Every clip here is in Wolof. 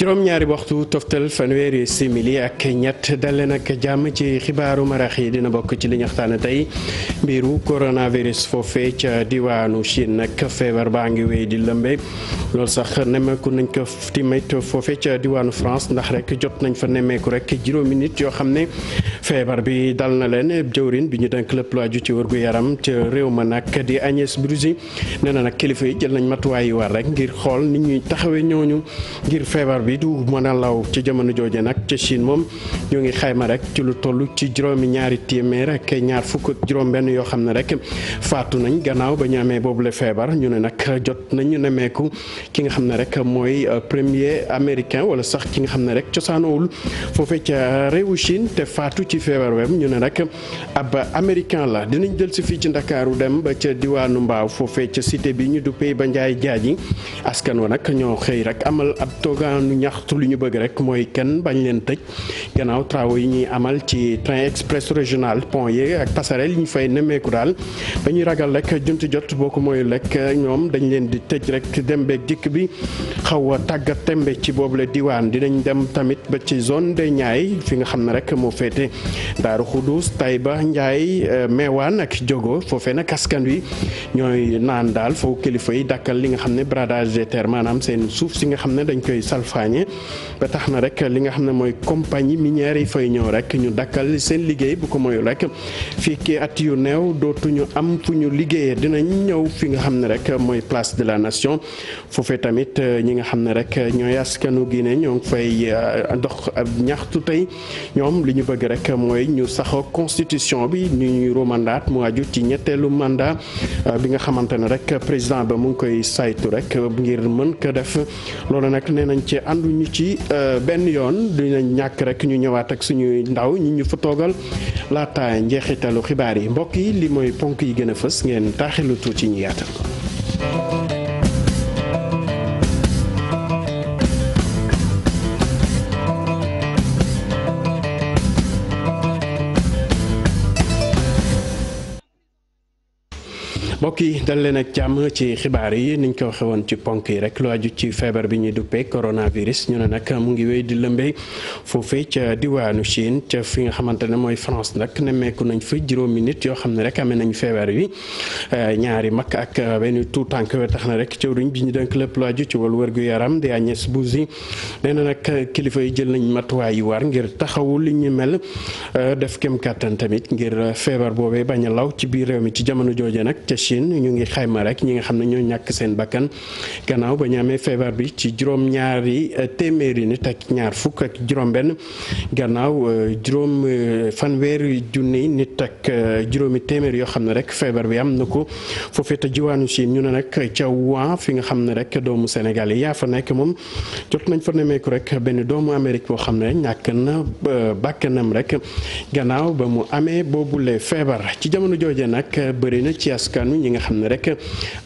juróom-ñaari waxtu toftal fanweeri simili ak ñett dale nag jàmm ci xibaaru marax yi dina bokk ci li ñu waxtaane tey mbiru coronavirus foofee ca diwaanu Chine nag feebar baa ngi wéy di lëmbe loolu sax nemmeeku nañ ko timit foofe ca diwaanu France ndax rek jot nañ fa nemmeeku rek juróomi nit yoo xam ne feebar bi dal na leen jëwrin bi ñu denk lépp lu aju ci wërgu yaram ca réew ma nag di Agnès Buzyn nee na nag kilifa yi jël nañ matuwaay yi war rek ngir xool nit bi du mën a law ci jamono jooje nag ca Chine moom ñoo ngi xayma rek ci lu toll ci juróomi ñaari téeméer ak ñaar fukk ak juróom-benn yoo xam ne rek faatu nañ gannaaw ba ñu amee boobu la feebar ñu ne nag jot nañu nemmeeku ki nga xam ne rek mooy euh, premier américain wala sax ki nga xam ne rek cosaanawul foofee ca réewu Chine te faatu ci feebar web ñu ne nag ab américain la dinañ jël si fii ci Ndakaaru dem ba ca diwaanu Mbaaw foofee ca cité bi ñu duppee ba Njaay Jaaji ñaxtu lu ñu bëgg rek mooy kenn bañ leen tëj gannaaw travaux yi ñuy amal ci train express régional pont yi ak passerelle yi ñu fay nemmeeku daal dañuy ragal rek junti jot boo ko mooy rek ñoom dañ leen di tëj rek dem beeg dikk bi xaw a tàggat tembe ci boobule diwaan dinañ dem tamit ba ci zone de Niayes fi nga xam ne rek moo féete Daaru Xudus Taïba Ndiaye euh, Meewaan ak Diogo foofee nag askan wi ñooy naan daal foog kilifa yi dàkkal li nga xam ne bradage maanaam seen suuf si nga xam ne dañ koy salfaañ ba tax na rek li nga xam ne mooy compagnie minière yi fay ñëw rek ñu dakkal seen liggéey bu ko moyul rek fii ki at yu néew dootuñu am fu ñu liggéeyee dinañ ñëw fi nga xam ne rek mooy place de la nation foofee tamit eh, ñi nga xam ne rek ñooy askanu Guinée ñoo ngi fay eh, dox ñaxtu tey ñoom li ñu bëgg rek mooy ñu saxoo constitution bi ñu ñuy romandaat mu aju ci ñetteelu mandat Euh, bi nga xamante ne rek président ba mu ngi koy saytu rek ngir mën ko def loolu nag nee nañ ci ànduñu ci euh, benn yoon dinañ ñàkk rek ñu ñëwaat ak suñuy ndaw ñi ñu fa toogal laata njeexitalu xibaar yi mbokk yi li mooy ponk yi gën a fës ngeen taaxilu tuuti ñu yaatal ko mbokk yi dal leen ak jàmm ci xibaar yi niñ ko waxee woon ci ponk yi rek lu aju ci feebar bi ñuy duppee coronavirus ñu ne nag mu ngi wéy di lëmbee foofee ca diwaanu Chine ca fi nga xamante ne mooy France nag nemmeeku nañ fa juróomi nit yoo xam ne rek amee nañu feebar bi euh, ñaari mag ak benn tout tànk we tax na rek jëwriñ bi ñu dënk lépp lu aju ci wàllu wërgu yaram di Agnès Buzyn nee na nag kilifa yi jël nañ matuwaay yi war ngir taxawu li ñu mel euh, def kem kàttan tamit ngir feebar boobee bañ ci biir mi ci jamono jooje nag Chine ñu ngi xayma rek ñi nga xam ne ñoo ñàkk seen bàkkan gannaaw ba amee feebar bi ci juróom-ñaari euh, téeméeri nit ñaar fukk ak juróom-benn gannaaw euh, juróom euh, fanweeri junni nit ak juróomi téeméer yoo xam ne rek feebar bi am na ko foofee te jiwaanu Chine ñu ne nag ca waa fi nga xam ne rek doomu Sénégal yi yaa fa nekk moom jot nañ fa nemeeku rek benn doomu Amérique boo xam ne ñàkk na bàkkanam rek ba mu amee boobule feebar ci jamono jooje nag bëri na ci askan wi ñi nga xam ne rek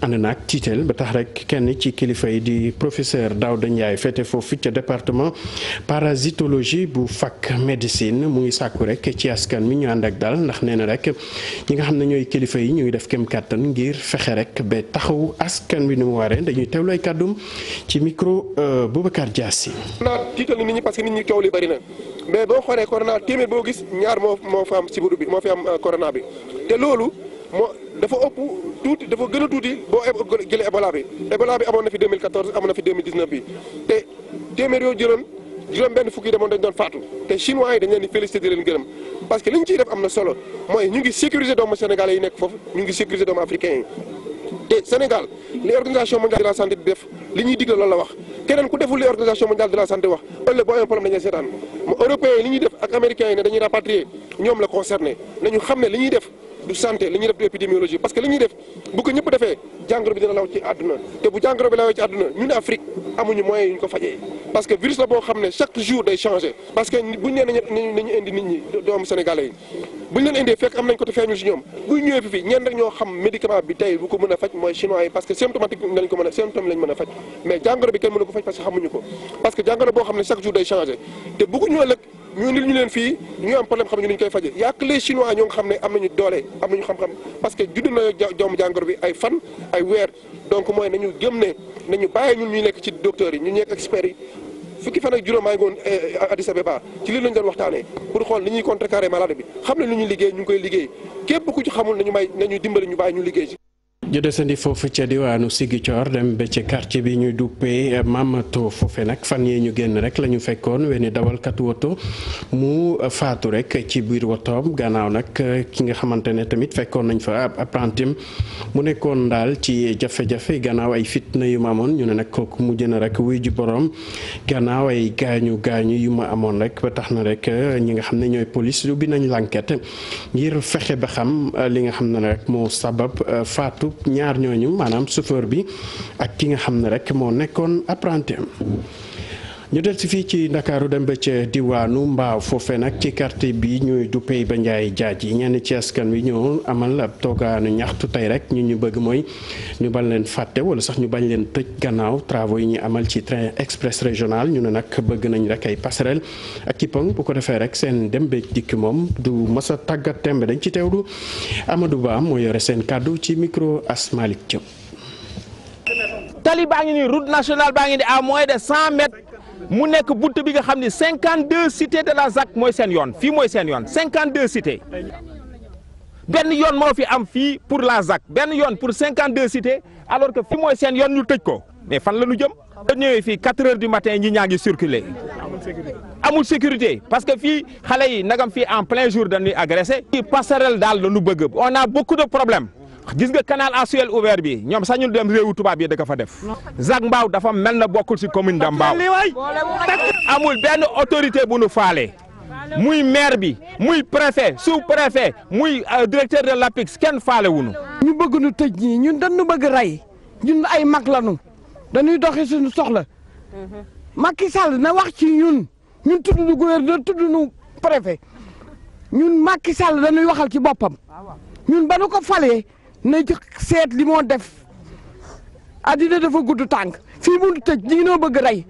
ànd naag tiiteel ba tax rek kenn ci kilifa yi di professeur Daouda Ndiaye féete foofu ca département parasitologie bu fac médecine mu ngi sàkku rek ci askan mi ñu ànd ak daal ndax nee na rek ñi nga xam ne ñooy kilifa yi ñu ngi def kem kàttan ngir fexe rek ba taxawu askan wi ni mu waree dañuy teewlu ay kàddum ci micro euh, Boubacar Diassi. naa parce que nit ñi coow li bari na boo xoolee corona téeméer boo gis ñaar moo moo fi am euh, corona loolu. moo dafa ëpp tuuti dafa gën a tuuti boo jëlee Ebola bi Ebola bi amoon na fi 2014 amoon na fi 2019 bi te téeméer yoo jëloon juróom benn fukki yi demoon dañ doon faatu te chinois yi dañ leen di félicité di leen gërëm parce que li ñu ciy am na solo mooy ñu ngi sécuriser doomu sénégalais yi nekk foofu ñu ngi sécuriser doomu africains yi te Sénégal li organisation mondiale de la santé di def li ñuy digle loolu la wax keneen ku deful li organisation mondiale de la santé wax ëllëg boo amee problème dañuy seetaan mu européens yi li ñuy def ak américains yi ne dañuy rapatrier ñoom la concerné nañu xam ne li ñuy def du santé li ñuy def du épidémiologie parce que li ñuy def bu ko ñëpp defee jàngoro bi dina law ci àdduna te bu jàngoro bi lawee ci àdduna ñun Afrique amuñu moyen yu ñu ko fajee mooy chinois yi parce que symptomatique lañ ko mën a symptôme lañ mën a faj mais jàngoro bi kenn mënu ko faj parce que xamuñu ko parce que jàngoro boo xam ne chaque jour day changé te bëgguñu ëllëg ñu indil ñu leen fii ñu am problème xam ñu ñu koy faje yàq les chinois ñoo nga xam ne am nañu doole am nañu xam-xam parce que judd na joomu jàngoro bi ay fan ay weer donc mooy nañu gëm ne nañu bàyyi ñun ñuy nekk ci docteurs yi ñu nekk experts yi fukki fan ak juróom maa ngi woon eh, Addis Abeba ci lii lañu doon waxtaanee pour xool ni ñu ngi koy liggéey képp ku ci xamul nañu may nañu ñu bàyyi ñu liggéey ñu desandi foofu ca diwaanu Ziguinchor dem ba ci quartier bi ñuy duppee Mamato foofe nag fan yee ñu génn rek la ñu fekkoon wenn dawalkatu woto mu faatu rek ci biir wotoom gannaaw nag ki nga xamante ne tamit fekkoon nañu fa ab apprentim mu nekkoon daal ci jafe-jafe gannaaw ay fitna yu ma amoon ñu ne nag kooku mu jën rek wuy ji borom gannaaw ay gaañu gaañu yu ma amoon rek ba tax na rek ñi nga xam ne ñooy police bi nañu l'enquête ngir fexe ba xam li nga xam ne rek moo sabab faatu. ñaar ñooñu maanaam chauffeur bi ak ki nga xam ne rek moo nekkoon apprenti ñu del si fii ci ndakaaru dem ba ca diwaanu mbaaw foofe nag ci quartier bi ñuy duppee ba njaay jaaj yi ñenn ci askan wi ñoo amal ab toogaanu ñaxtu tey rek ñu ñu bëgg mooy ñu bañ leen fàtte wala sax ñu bañ leen tëj gannaaw travaux yi ñu amal ci train express régional ñu ne nag bëgg nañ rek ay passerelle ak ci pont bu ko defee rek seen dem beeg dikk moom du mës a tàggat tembe dañ ci teewlu Amadou Ba moo yore seen kàddu ci micro Asmalik Diop. mu nekk bunt bi nga xam ne cinquante deux cité de la ZAC mooy seen yoon fii mooy seen yoon cinquante deux cité benn yoon moo fi am fii pour la ZAC benn yoon pour cinquante deux cité alors que fi mooy seen yoon ñu tëj ko mais fan la ñu jëm da ñëwee fii quatre heures du matin ñi ñaa ngi circuler amul sécurité parce que fii xale yi nagam fi en plein jour dañuy agressé fii passerelle daal la ñu bëgg on a beaucoup de problèmes gis nga canal à ciel ouvert bi ñoom sañul dem réewu tubaab yi da ko fa def Zac mbaaw dafa mel na bokkul ci commune de Mbao amul benn autorité bu nu faale muy maire bi muy préfet sous préfet muy euh, directeur de l'APIX kenn faale wunu ñu bëgg nu tëj ñii ñun dañu bëgg ray ñun ay mag lañu dañuy doxi suñu soxla Macky Sall na wax ci ñun ñun tudd nu gouverneur tudd nu préfet ñun Macky Sall dañuy waxal ci boppam ñun ba nu ko falee na seet li moo def addina dafa gudd tànk fii mu tëj ñi ngi noo bëgg rey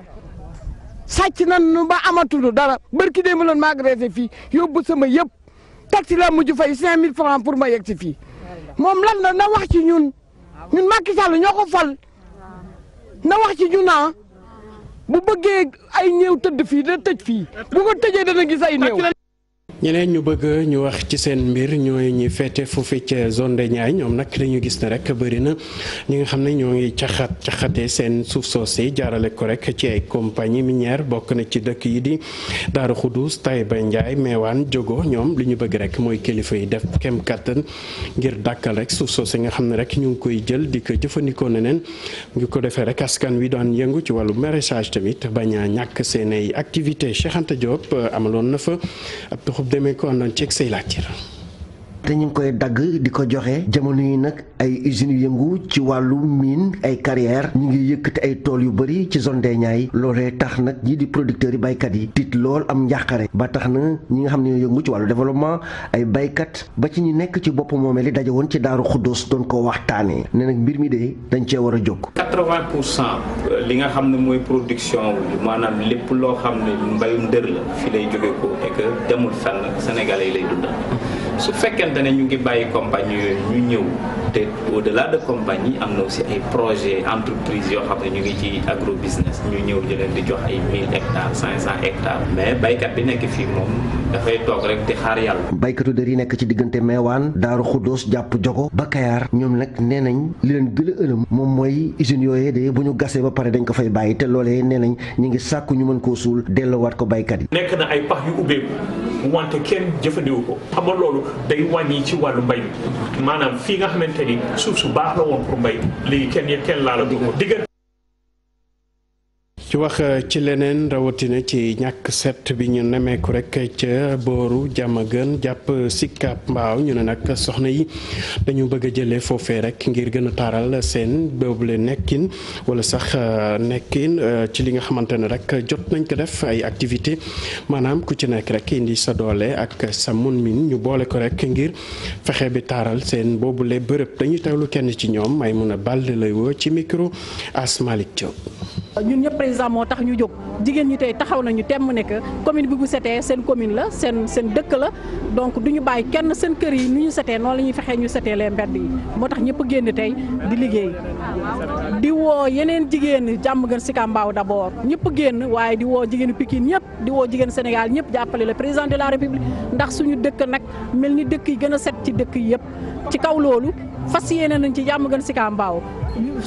sàcc na nu ba amatul dara barki dee ma loon ma agressé fii yóbbu sama yëpp taxi la mujj fay 5000 francs pour ma yegg si fii moom lan la na wax ci ñun ñun Macky Sall ñoo ko fal na wax ci ñun ah bu bëggee ay ñëw tëdd fii da tëj fii bu tëjee dana gis ay néew ñeneen ñu bëgg ñu wax ci seen mbir ñooy ñi féete foofu ca zone de Niayes ñoom nag ñu gis ne rek bëri na ñi nga xam ne ñoo ngi caxat caxatee seen suuf soos yi jaarale ko rek ci ay compagnie minière bokk na ci dëkk yi di Daaru Xudus Taïba Ndiaye Meewaan jógo ñoom li ñu bëgg rek mooy kilifa yi def kem kàttan ngir dàkkal rek suuf soos yi nga xam ne rek ñu ngi koy jël di ko jëfandikoo neneen ngi ko defee rek askan wi daan yëngu ci wàllu maraîchage tamit bañ a ñàkk seen ay activité Cheikh Anta Diop amaloon demek ki ondan çekseylaktır. te ñu ngi koy dagg di ko joxe jamono yi nag ay usines yëngu ci wàllu mine ay carrière ñu ngi yëkkati ay tool yu bëri ci zone des Niayes loolee tax nag ñii di producteurs yi baykat yi tiit lool am njàqare ba tax na ñi nga xam ne ñoo yëngu ci wàllu développement ay baykat ba ci ñi nekk ci bopp moomeel li daje woon ci Daaru Xuddoos doon ko waxtaanee ne nag mbir mi de dañ cee war a jóg. 80 li nga xam ne mooy production wu maanaam lépp loo xam ne mbayum dër la fi lay fekkente ne ñu ngi bàyyi compagnie yooyu ñu ñëw te au delà de compagnie am na aussi ay projet entreprise yoo xam ne ñu ngi ci agro business ñu ñëw di leen di jox ay 1000 hectares mais baykat bi nekk fii moom dafay toog baykatu dër yi nekk ci diggante Meewaan Daaru Xuddoos jàpp Jogo ba Kayaar ñoom nag nee nañ li leen gën ëlëm moom mooy usines yooyee de bu ñu gasee ba pare dañ ko fay bàyyi te loolee nee nañ ñu ngi sàkku ñu mën koo suul delloowaat ko baykat yi. nekk na ay pax yu ubbeeku. wante kenn jëfandiwu ko xam nga loolu day wàññi ci wàllu mbay mi maanaam fii nga xamante ni suuf su baax la woon pour mbay léegi kenn kenn laala du ko diggante ci wax euh, ci leneen rawatina ci ñàkk set bi ñu nemeeku rek ca booru gën jàpp Sicap Mbao ñu ne nag soxna yi dañu bëgg a jëlee foofee rek ngir gën a taaral seen boobule nekkin wala sax euh, nekkin euh, ci li nga xamante ne rek jot nañ ko def ay activité maanaam ku ci nekk rek indi sa doole ak sa mun min ñu boole ko rek ngir fexe bi taaral seen boobule bërëb dañuy teewlu kenn ci ñoom may mun a bàll lay woo ci micro Asmalik Diop ñun ñëpp président moo tax ñu jóg jigéen ñi tey taxaw nañu temm ne que commune bi bu setee seen commune la seen seen dëkk la donc du ñu bàyyi kenn seen kër yi ni ñu setee noonu la ñuy fexee ñu setee lee mbedd yi moo tax ñëpp génn tey di liggéey di woo yeneen jigéen jàmm gën Sicap Mbao d'abord ñëpp génn waaye di woo jigéenu Pikine ñëpp di woo jigéen Sénégal ñëpp jàppale le président de la République ndax suñu dëkk nag mel ni dëkk yi gën a set ci dëkk yi yëpp ci kaw loolu fas yéene nañ ci jàmm gën si kaa mbaaw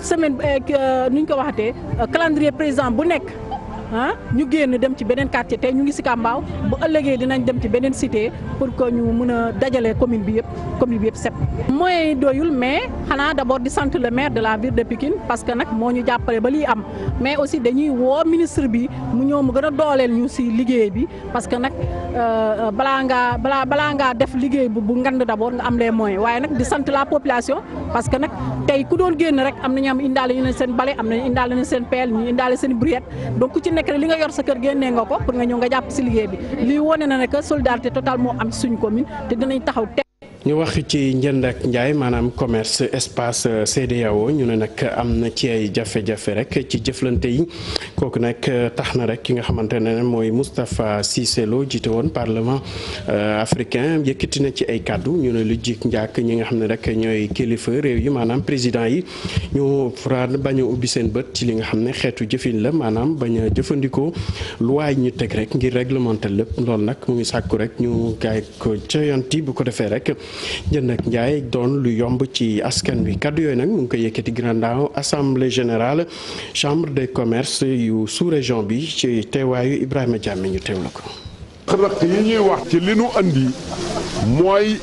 semaine eh, nuñ ko waxatee calendrier président bu nekk. ah ñu génn dem ci beneen quartier tey ñu ngi si Kambaaw bu ëllëgee dinañ dem ci beneen cité pour que ñu mën a dajale commune bi yëpp commune bi yëpp set. moyens yi doyul mais xanaa d' abord di sant le maire de la ville de Pikine parce que nag moo ñu jàppale ba lii am mais aussi dañuy woo ministre bi mu ñëw mu gën a dooleel ñu si liggéey bi parce que nag euh, balaa ngaa balaa balaa ngaa def liggéey bu bu ngand d' nga am les moyens waaye nag di sant la population parce que nag tey ku doon génn rek am nañu am indaale ñu ne seen bale am nañu indaale seen peel ñu seen briquette donc nekk li nga yor sa kër génnee nga ko pour nga ñëw nga jàpp si liggéey bi lii wone na ne que solidarité totale moo am suñ commune te dinañ taxaw ñu wax ci njënd ak njaay maanaam commerce espace CEDEAO ñu ne nag am na ci ay jafe-jafe rek ci jëflante yi kooku nag euh, tax na rek ki nga xamante ne mooy Moustapha si Lo jiite woon parlement euh, africain yëkkati na ci ay kàddu ñu ne lu jik njàkk ñi nga xam ne rek ñooy kilifa réew yi maanaam président yi ñu faral bañ a ubbi seen bët ci li nga xam ne xeetu jëfin la maanaam bañ jëfandikoo luwaay ñu teg rek ngir réglementer lépp loolu nag mu ngi sàkku rek ñu gaay ko coyanti bu ko defee rek jënd ak njaay doon lu yomb ci askan bi kàddu yooyu nag mu ngi ko yëkkati grandaaw assemblée yu sous-région bi ci teewaayu Ibrahima Diame ñu teew la ko. xërëq yi ñuy wax ci li nu andi mooy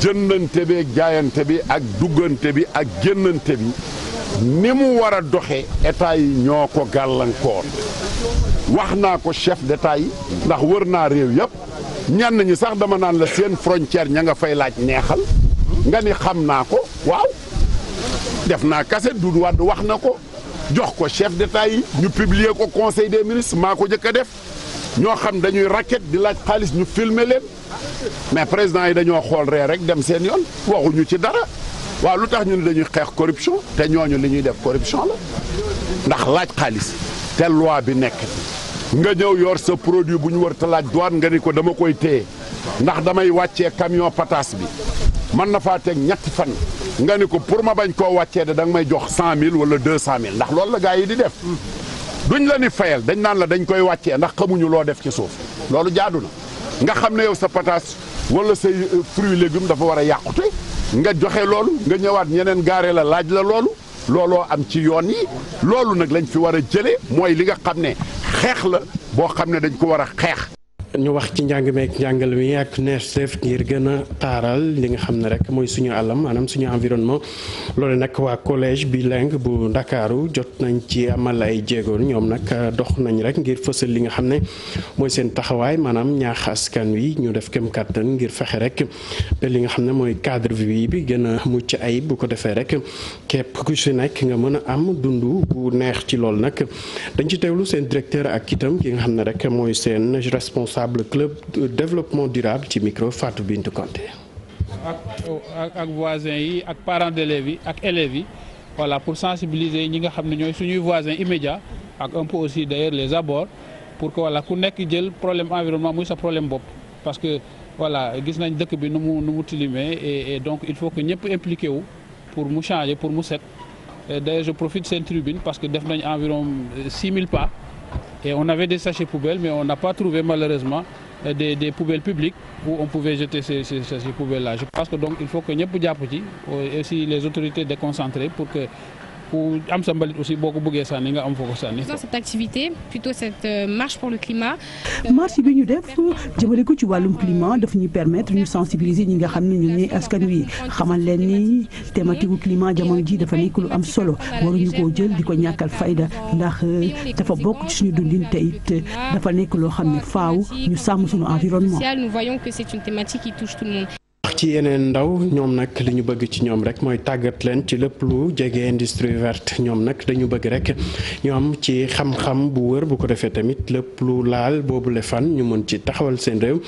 jëndante bi ak jaayante bi ak duggante bi ak génnante bi ni mu war a doxe état yi ñoo ko gàllankoor wax naa ko chef d'état yi ndax wër naa réew yëpp ñenn ñi sax dama naan la seen frontière ña nga fay laaj neexal nga ni xam naa ko waaw def naa kase Doudou Wade wax na ko jox ko chef d'état yi ñu publier ko conseil des ministres maa ko jëkk a def ñoo xam dañuy racket di laaj xaalis ñu filmer leen mais président yi dañoo xool ree rek dem seen yoon waxuñu ci dara waaw lu tax ñu ne dañuy xeex corruption te ñooñu li ñuy def corruption la ndax laaj xaalis te loi bi nekk nga ñëw yor sa produit bu ñu war ta laaj douane nga ni ko dama koy téye ndax damay wàccee camion pataas bi mën na faa teg ñetti fan nga ni ko pour ma bañ koo wàccee de da nga may jox cent mille wala deux cent mille ndax loolu la gars yi di def duñ la ni fayal dañ naan la dañ koy wàccee ndax xamuñu loo def ci suuf loolu jaadu na nga xam ne yow sa pataas wala say euh, fruits légumes dafa war a yàqute nga joxe loolu nga ñëwaat ñeneen gaare la laaj la loolu looloo am ci yoon yi loolu nag lañ fi war a jëlee mooy li nga xam ne xeex la boo xam ne dañ ko war a xeex ñu wax ci njàngameek njàngale njàngal mi ak neesef ngir gën a taaral li nga xam ne rek mooy suñu alam maanaam suñu environnement loolu nag waa collège bi bilingue bu ndakaaru jot nañ ci amal ay jéegoon ñoom nag euh, dox nañ rek ngir fësal li nga xam ne mooy seen taxawaay maanaam ñaax askan wi ñu def kem kàttan ngir fexe rek ba li nga xam ne mooy cadre vie bi gën a mucc ay bu ko defee rek képp ku si nekk nga mën a am dundu bu neex ci loolu nag dañ ci teewlu seen directeur ak itam ki nga xam ne rek mooy seen responsable club développement durable ci micro Fatou Bintou Conté. ak ak voisins yi ak parents d'élèves yi ak élèves yi voilà pour sensibiliser ñi nga xam ne ñooy suñuy voisin immédiats ak un peu aussi d'ailleurs les abords pour que voilà ku nekk jël problème environnement muy sa problème bopp parce que voilà gis nañ dëkk bi nu mu nu mu tilimee et donc il faut que ñëpp impliqué wu pour mu changer pour mu set d'ailleurs je profite seen parce que def nañ environ 6000 pas Et on avait des sachets poubelles, mais on n'a pas trouvé malheureusement des, des, poubelles publiques où on pouvait jeter ces, ces, ces poubelles-là. Je pense que donc il faut que Nyepoudiapouti et aussi les autorités déconcentrées pour que ku am sa mbalit aussi boo ko euh, euh, bi ñu def jëmale ko ci wàllum climat daf ñu permettre ñu sensibiliser ñi nga xam ne ñoom ñooy askan wi xamal leen ni thématique gu climat jamono ji dafa nekk lu am solo waruñu koo jël di ko ñàkkal fayda ndax euh, dafa bokk ci suñu dundin te it dafa nekk loo xam ne faw ñu sàmm suñu environnement. ci yeneen ndaw ñoom nag li ñu bëgg ci ñoom rek mooy tàggat leen ci lépp lu jege industrie verte ñoom nag dañu bëgg rek ñoom ci xam-xam bu wër bu ko defee tamit lépp lu laal boobule fan ñu mën ci taxawal seen réew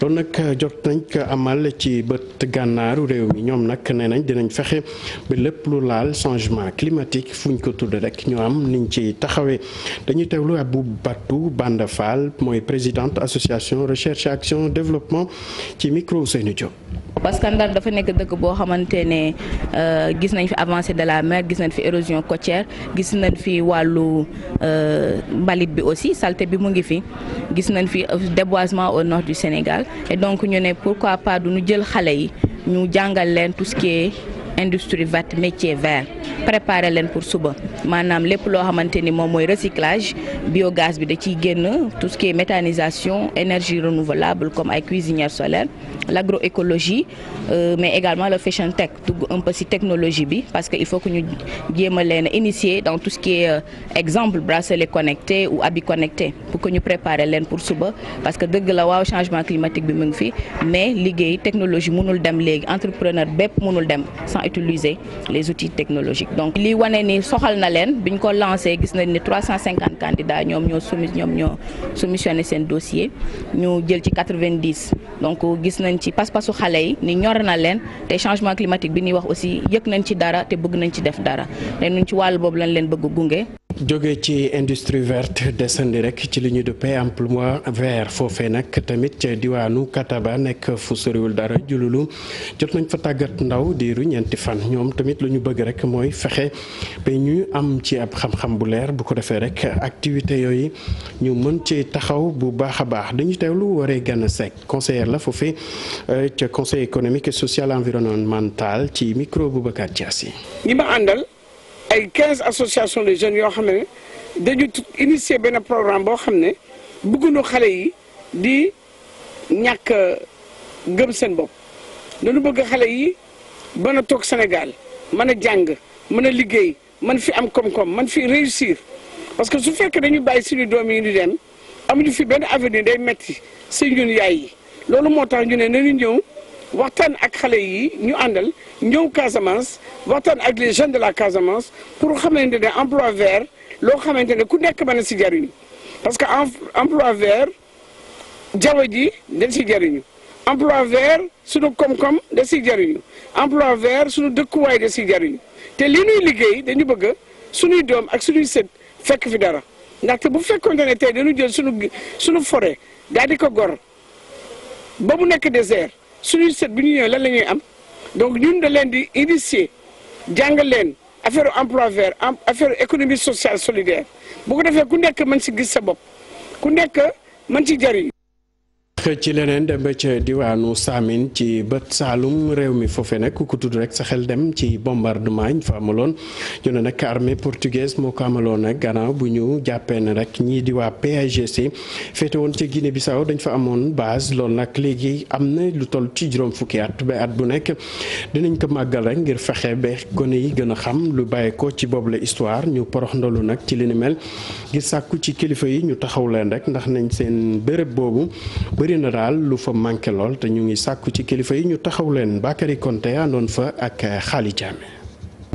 loolu nag jot nañ ko amal ci bët gànnaaru réew mi ñoom nag nee nañ dinañ fexe ba lépp lu laal changement climatique fuñ ko tudd rek ñu am niñ ci taxawee dañuy teewlu Abou Batou Banda Fall mooy présidente association recherche action développement ci micro Ousseynou Diop parce que Ndar dafa nekk dëkk boo xamante ne euh, gis nañ fi avancée de la mer gis nañ fi érosion côtière gis nañ fi wàllu euh, mbalit bi aussi saleté bi mu ngi fi gis nañ fi déboisement au nord du Sénégal et donc ñu ne quoi pas du ñu jël xale yi ñu jàngal leen tout ce industrie verte métier vert préparer leen pour suba. maanaam lépp loo xamante ni moom mooy recyclage biogaz bi da ciy génn tout ce qui est méthanisation énergie renouvelable comme ay cuisinière solaire l'agroécologie euh, mais également le fashion tech dugg un peu ci technologie bi parce que il faut que ñu jéem a leen initier dans tout ce qui est euh, exemple bracelet connecté ou abi connecté pour que ñu préparer leen pour suba parce que dëgg la waaw changement climatique bi mu ngi fi mais liggéey technologie mënul dem léegi entrepreneur bépp mënul dem sans utiliser les outils technologiques leen biñ ko lancé gis nañ ni 350 candidats ñoom ñoo soumis ñoom ñoo soumissionné seen dossier ñu jël ci 90 donc gis nañ ci pas-pasu xale yi ni ñor na leen te changement climatique bi ñuy wax aussi yëg nañ ci dara te bëgg nañ ci def dara te ci wàll boobu lañ leen bëgg gunge. jóge ci industrie verte desandi rek ci li ñu duppee emploi vert foofee nag tamit ca diwaanu ba nekk fu soriwul dara jululu jot nañ fa tàggat ndaw diiru ñeenti fan ñoom tamit lu ñu bëgg rek mooy fexe ba ñu am ci ab xam-xam bu leer bu ko defee rek activité yooyu ñu mën ci taxaw bu baax a baax dañu teewlu waree gànn sec conseiller la foofu euh, ca conseil économique et social environnemental ci micro Boubacar Diassi yi. ñi ma àndal ay 15 association de jeunes yoo xam ne dañu initier benn programme boo xam ne bëgguñu xale yi di ñàkk gëm seen bopp dañu bëgg xale yi mën a toog Sénégal mën a jàng mën a liggéey mën fi am koom-koom mën fi réussir parce que su fekkee dañu bàyyi suñu doom yi di dem ñu fi benn avenir day metti si ñun yaay yi loolu moo tax ñu ne nañu ñëw. waxtaan ak xale yi ñu àndal ñëw Casamance waxtaan ak les jeunes de la Casamance pour xamante ne emploi vert loo xamante ne ku nekk mën na si jariñu parce que emplois vert jaww ji da si jariñu emploi vert suñu koom-koom da si jariñu emploi vert suñu dëkkuwaay da si jariñu te li ñuy liggéey dañu bëgg suñuy doom ak suñuy sët fekk fi dara ndaxte bu fekkoonte ne te dañu jël suñu suñu fore daal di ko gor ba mu nekk désert suñuy set bu ñu ñëwee lan la ñuy am donc ñun da leen di initier jàngal leen affaire emploi vert affaire économie sociale solidaire bu ko defee ku nekk mën si gis sa bopp ku nekk mën si jariñ ci leneen dem ba ca diwaanu Saamin ci bët Saalum réew mi foofe nag ku ko tudd rek sa xel dem ci bombardement yi fa amaloon ñu ne nag portugaise moo ko amaloon nag gannaaw bu ñu jàppee ne rek ñii di waa PAGC féete woon ca Guinée Bissau dañ fa amoon base lool nag léegi am na lu toll ci juróom fukki at ba at bu nekk dinañ ko màggal rek ngir fexe ba gone yi gën a xam lu bàyyi ko ci boobu la histoire ñu porox ndolu nag ci li mel ngir sàkku ci kilifa yi ñu taxaw leen rek ndax nañ seen béréb boobu. bëri na daal lu fa manqué lool te ñu ngi sàkku ci kilifa yi ñu taxaw leen Bakary Konte àndoon fa ak eh, Khali Diame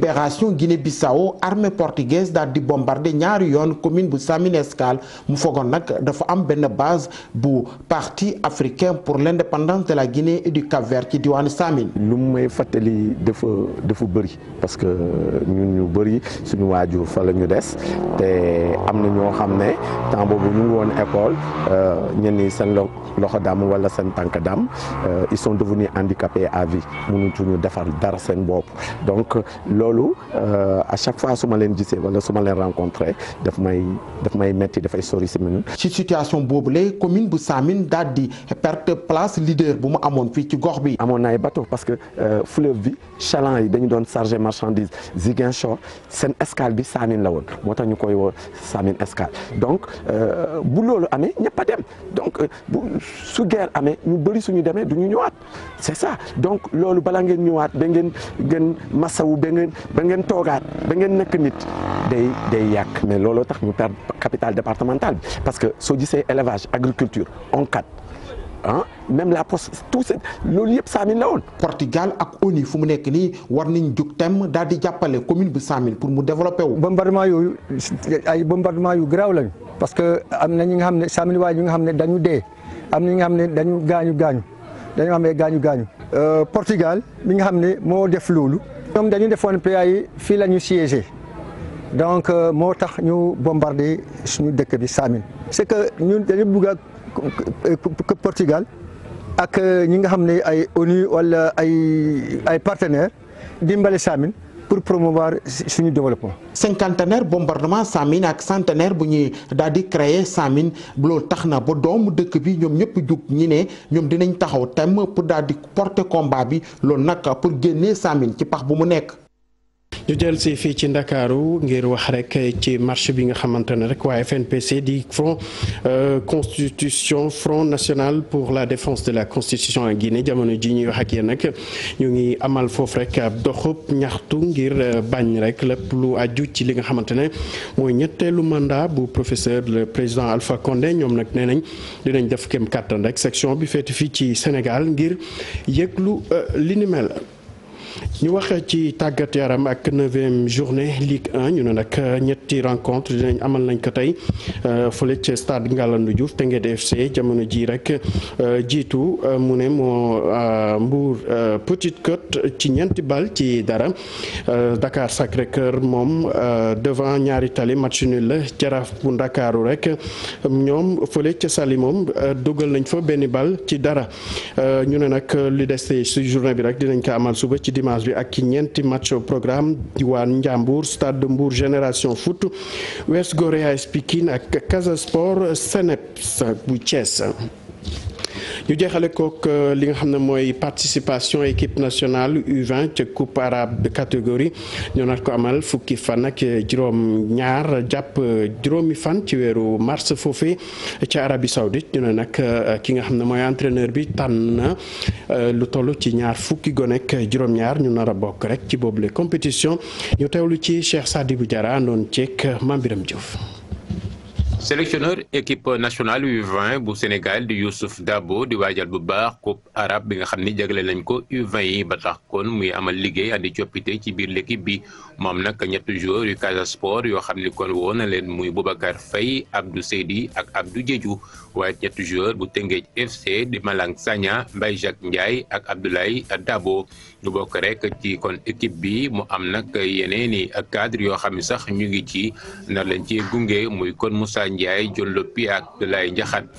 libération Guinée-Bissau armée portugaise daal di bombarder ñaari yoon commune bu Samin Escale mu fogoon nag dafa am benn base bu parti africain pour l'indépendance de la Guinée et du Cap-Vert ci diwaanu Samin. lu may fàttali dafa dafa bëri parce que ñu ñu bëri suñu waajur fa la ñu des te am na ñoo xam ne temps boobu ñu ngi woon école euh, ñenn ñi seen loxo damm wala seen tànk damm euh, ils sont devenus handicapés à vie ñu defar dara seen bopp donc loolu euh, à chaque fois su ma leen gisee wala su ma leen rencontré daf may daf may metti dafay sori si man. ci situation boobule commune bu Saamine daal di perte place leader bu mu amoon fii ci gox bi. amoon na ay parce que euh, fleuve bi chaland yi dañu doon chargé marchandise Ziguinchor seen escale bi Saamine la woon moo tax ñu koy woo Saamine escale donc euh, bu loolu amee ñëpp a dem donc bu su guerre amee ñu bëri suñu demee du ñu ñëwaat c'est ça donc loolu bala ngeen ba ngeen toogaat ba ngeen nekk nit day day yàq mais looloo tax ñu perdre capital départementale bi parce que soo gisee élevage agriculture ONCAD ah même la poste tout ce loolu yëpp Saamil la woon. Portugal ak ONU fu mu nekk nii war nañ jóg tem daal di jàppale commune bu Saamil pour mu développé wu. bombardement yooyu ay bombardement yu graw lañ parce que am na ñi nga xam ne Saamil waaye ñi nga xam ne dañu dee am na ñi nga xam ne dañu gaañu gaañu. dañoo amee gaañu gaañu. Euh, Portugal mi nga xam ne moo def loolu. ñoom dañu defoon ay fii la ñu siégé donc euh, moo tax ñu bombardé suñu dëkk bi Samin. c'est que ñun dañu bugg a que Portugal ak ñi nga xam ni ay ONU wala ay ay partenaires dimbale Samin. pour promouvoir suñu développement. cinquantenaire bombardement Saamine ak centenaire bu ñuy daal di créer Saamine loolu tax na ba doomu dëkk bi ñoom ñëpp jug ñi ne ñoom dinañ taxaw temm pour daal di porter combat bi loolu nag pour génnee Saamine ci pax bu mu nekk. ñu jël si fii ci ndakaaru ngir wax rek ci marche bi nga xamante ne rek waa FNPC di front euh, constitution front national pour la défense de la constitution en Guinée jamono ji ñuy wax ak yéen nag ñu ngi amal foofu rek ab doxub ñaxtu ngir euh, bañ rek lépp lu aju ci li nga xamante ne mooy ñetteelu mandat bu professeur le président Alpha Condé ñoom nag nee nañ dinañ def kem kàttan rek section bi féete fii ci Sénégal ngir yëglu euh, li ni ñu wax ci tàggat yaram ak neuvième journée Ligue 1 ñu ne nag ñetti rencontre dinañ amal nañ ko tey euh, fële ci stade Ngalandou Diouf Teungueth FC jamono ji rek euh, jiitu euh, mu ne moo Mbour Petite Côte ci ñeenti bal ci dara Dakar Sacré-Cœur moom devant ñaari tali match nul la Jaraaf bu Ndakaaru rek ñoom fële ca Saly moom dugal nañ fa benn bal ci dara ñu ne nag li des ci journée bi rek dinañ ko amal suba ci dimanche bi ak ci ñeenti match programme diwaan Ndiambour Stade de Mbour Génération Foot West Gorée AS ak Casa Sport Seneps bu Thiès ñu jeexale kook euh, li nga xam ne mooy participation équipe nationale U20 ca coupe arabe de catégorie ñoo naat ko amal fukki fan ak juróom ñaar jàpp euh, juróomi fan ci weeru mars foofee ca Arabie Saoudite ñu ne nag euh, ki nga xam ne mooy entraîneur bi tànn na lu toll ci ñaar fukki gonek juróom ñaar ñu nar a bokk rek ci boobule compétition ñu teewlu ci Cheikh Sadibou Diarra àndoon ceek Mambiram Diouf sélectionneur équipe nationale U20 bu Sénégal di Youssouf Dabo di waajal bu baax coupe arabe bi nga xam ni jagle nañ ko U20 yi ba tax kon muy amal liggéey andi coppite ci biir l'équipe bi moom nag ñetti joueurs yu Casa Sport yoo xam ni kon woo na leen muy Boubacar Faye Abdou Seydi ak Abdou Diédhiou waaye ñetti joueur bu Tëngéej FC di Malang saña Mbaye Jacques Ndiaye ak Abdoulaye Dabo ñu bokk rek ci kon équipe bi mu am nag yeneen ak cadre yoo xam ne sax ñu ngi ci nar lañ ci gunge muy kon Moussa Ndiaye John Lopy ak Abdoulaye Ndiakhate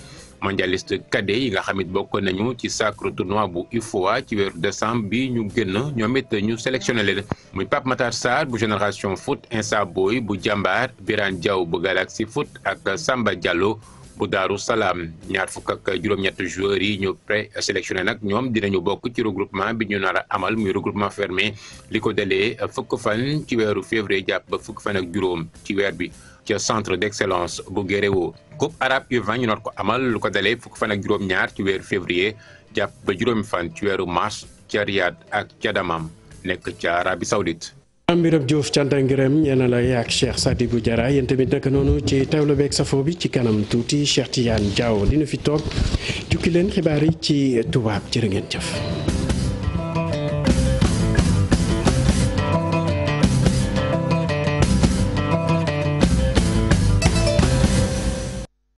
mondialiste cadet yi nga xam it bokk nañu ci sacre tournoi bu UFOA ci weeru décembre bi ñu génn ñoom it ñu sélectionné leen muy Pape Matar Sarr bu génération foot Insa Boy bu jàmbaar Birane Diaw bu Galaxy foot ak Samba bu daaru salaam ñaar fukk ak juróom-ñett joueurs yi ñu présélectionné nag ñoom dinañu bokk ci regroupement bi ñu nar amal muy regroupement fermé li ko dalee fukk fan ci weeru février jàpp ba fukk fan ak juróom ci weer bi ca centre d'excellence bu Guéréo coupe arabe U20 ñu nar ko amal lu ko dalee fukk fan ak juróom-ñaar ci weeru février jàpp ba juróomi fan ci weeru mars ca Riyad ak ca Damam nekk ca Arabie Saoudite am mbiram Diouf cant ak ngërëm ñeena la yaak Cheikh Sadibou Diarra yéen tamit naka noonu ci teewlu beeg safo bi ci kanam tuuti Cheikh Tidiane Diaw dina fi toog jukki leen xibaar yi ci tubaab jërë ngeen jëf.